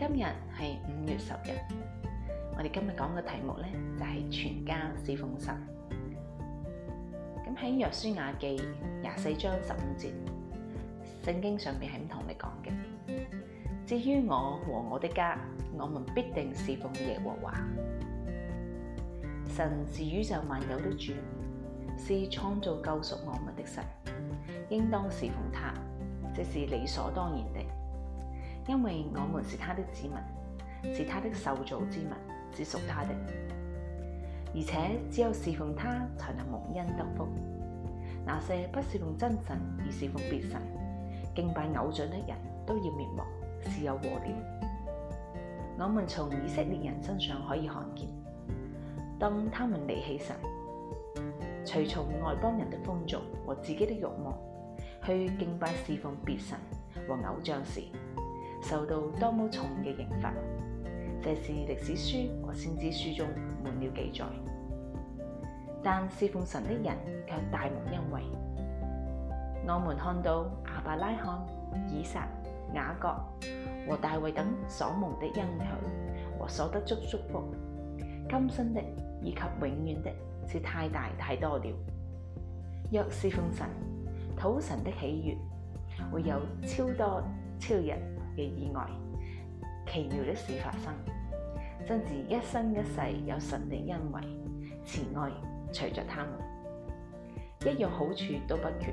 今日係五月十日，我哋今日講嘅題目呢就係、是、全家事奉神。咁喺約書亞記廿四章十五節，聖經上面係咁同你講嘅。至於我和我的家，我們必定事奉耶和華。神是宇宙萬有的主，是創造救贖我們的神，應當事奉他，即是理所當然的。因為我們是他的子民，是他的受造之物，只屬他的，而且只有侍奉他才能蒙恩得福。那些不侍奉真神而侍奉別神、敬拜偶像的人，都要滅亡，是有禍亂。我們從以色列人身上可以看見，當他們離棄神，隨從外邦人的風俗和自己的慾望去敬拜侍奉別神和偶像時，受到多麼重嘅刑罰，這是歷史書和先知書中滿了記載。但侍奉神的人卻大無因慰。我們看到阿伯拉罕、以撒、雅各和大衛等所蒙的恩許和所得足祝福，今生的以及永遠的，是太大太多了。若侍奉神，討神的喜悅，會有超多超人嘅意外，奇妙的事發生，真是一生一世有神的恩惠慈愛隨着他們，一樣好處都不缺，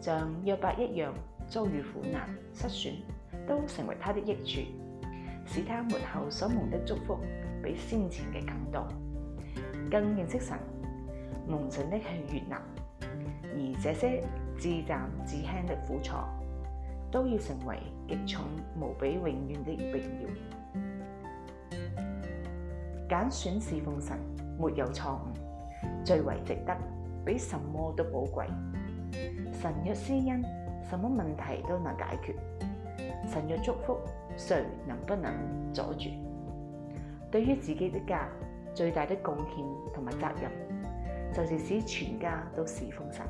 像約伯一樣遭遇苦難失算，都成為他的益處，使他末後所蒙的祝福比先前嘅更多，更認識神蒙神的喜悅，而這些至暫至輕的苦楚。都要成為極重無比永遠的榮耀。揀選侍奉神沒有錯誤，最為值得，比什麼都寶貴。神若施恩，什麼問題都能解決；神若祝福，誰能不能阻住？對於自己的家，最大的貢獻同埋責任，就是使全家都侍奉神。